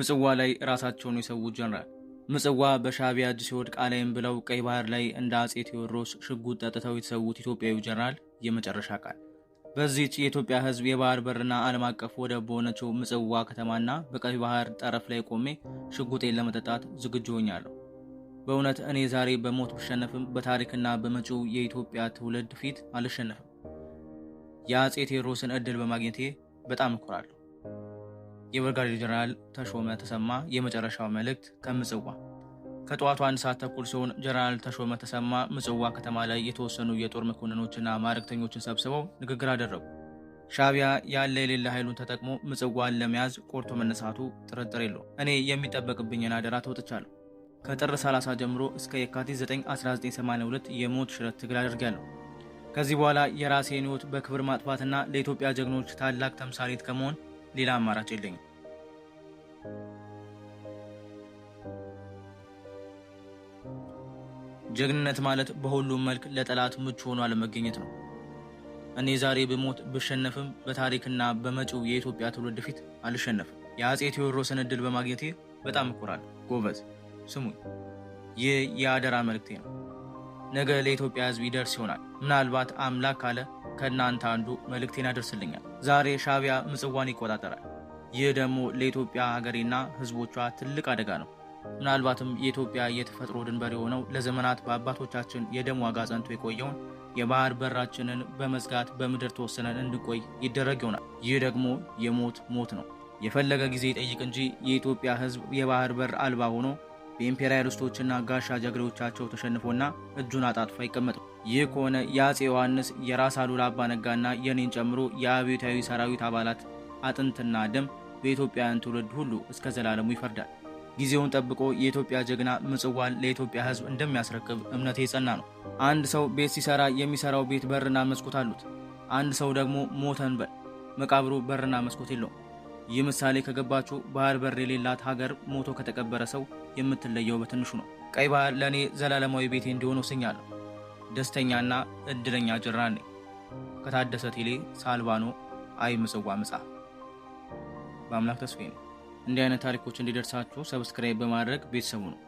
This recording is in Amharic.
ምጽዋ ላይ ራሳቸውን የሰዉ ጀነራል ምጽዋ በሻቢያ እጅ ሲወድቅ አላይም ብለው ቀይ ባህር ላይ እንደ አጼ ቴዎድሮስ ሽጉጥ ጠጥተው የተሰዉት ኢትዮጵያዊ ጀነራል የመጨረሻ ቃል። በዚች የኢትዮጵያ ሕዝብ የባህር በርና ዓለም አቀፍ ወደብ በሆነችው ምጽዋ ከተማና በቀይ ባህር ጠረፍ ላይ ቆሜ ሽጉጤን ለመጠጣት ዝግጁ ሆኛለሁ። በእውነት እኔ ዛሬ በሞት ብሸነፍም በታሪክና በመጪው የኢትዮጵያ ትውልድ ፊት አልሸነፍም። የአጼ ቴዎድሮስን ዕድል በማግኘቴ በጣም እኮራለሁ። የብርጋዴር ጀነራል ተሾመ ተሰማ የመጨረሻው መልእክት ከምጽዋ ከጠዋቱ አንድ ሰዓት ተኩል ሲሆን ጀነራል ተሾመ ተሰማ ምጽዋ ከተማ ላይ የተወሰኑ የጦር መኮንኖችና ማዕረግተኞችን ሰብስበው ንግግር አደረጉ። ሻቢያ ያለ የሌለ ኃይሉን ተጠቅሞ ምጽዋን ለመያዝ ቆርቶ መነሳቱ ጥርጥር የለው። እኔ የሚጠበቅብኝን አደራ ተወጥቻለሁ። ከጥር 30 ጀምሮ እስከ የካቲት 9 1982 የሞት ሽረት ትግል አድርጌያለሁ። ከዚህ በኋላ የራሴን ህይወት በክብር ማጥፋትና ለኢትዮጵያ ጀግኖች ታላቅ ተምሳሌት ከመሆን ሌላ አማራጭ የለኝም። ጀግንነት ማለት በሁሉም መልክ ለጠላት ምቹ ሆኖ አለመገኘት ነው። እኔ ዛሬ ብሞት ብሸነፍም በታሪክና በመጪው የኢትዮጵያ ትውልድ ፊት አልሸነፍም። የአጼ ቴዎድሮስን እድል በማግኘቴ በጣም እኮራለሁ። ጎበዝ ስሙኝ፣ ይህ የአደራ መልእክቴ ነው። ነገ ለኢትዮጵያ ሕዝብ ይደርስ ይሆናል። ምናልባት አምላክ ካለ ከእናንተ አንዱ መልእክቴን ያደርስልኛል። ዛሬ ሻቢያ ምጽዋን ይቆጣጠራል። ይህ ደግሞ ለኢትዮጵያ ሀገሬና ህዝቦቿ ትልቅ አደጋ ነው። ምናልባትም የኢትዮጵያ የተፈጥሮ ድንበር የሆነው ለዘመናት በአባቶቻችን የደም ዋጋ ጸንቶ የቆየውን የባህር በራችንን በመዝጋት በምድር ተወሰነን እንድቆይ ይደረግ ይሆናል። ይህ ደግሞ የሞት ሞት ነው። የፈለገ ጊዜ ይጠይቅ እንጂ የኢትዮጵያ ህዝብ የባህር በር አልባ ሆኖ በኢምፔሪያሊስቶችና ጋሻ ጀግሬዎቻቸው ተሸንፎና እጁን አጣጥፎ አይቀመጡ። ይህ ከሆነ የአጼ ዮሐንስ የራስ አሉላ አባ ነጋና የኔን ጨምሮ የአብዮታዊ ሰራዊት አባላት አጥንትና ደም በኢትዮጵያውያን ትውልድ ሁሉ እስከ ዘላለሙ ይፈርዳል። ጊዜውን ጠብቆ የኢትዮጵያ ጀግና ምጽዋን ለኢትዮጵያ ሕዝብ እንደሚያስረክብ እምነት የጸና ነው። አንድ ሰው ቤት ሲሰራ የሚሰራው ቤት በርና መስኮት አሉት። አንድ ሰው ደግሞ ሞተን በል መቃብሩ በርና መስኮት የለውም። ይህ ምሳሌ ከገባችሁ ባህር በር የሌላት ሀገር ሞቶ ከተቀበረ ሰው የምትለየው በትንሹ ነው። ቀይ ባህር ለእኔ ዘላለማዊ ቤቴ እንዲሆን ወስኛለሁ። ደስተኛና እድለኛ ጅራ ነኝ። ከታደሰ ቴሌ ሳልቫኖ አይ ምጽዋ መጽሐፍ በአምላክ ተስፋዬ ነው። እንዲህ አይነት ታሪኮች እንዲደርሳችሁ ሰብስክራይብ በማድረግ ቤተሰቡ ነው።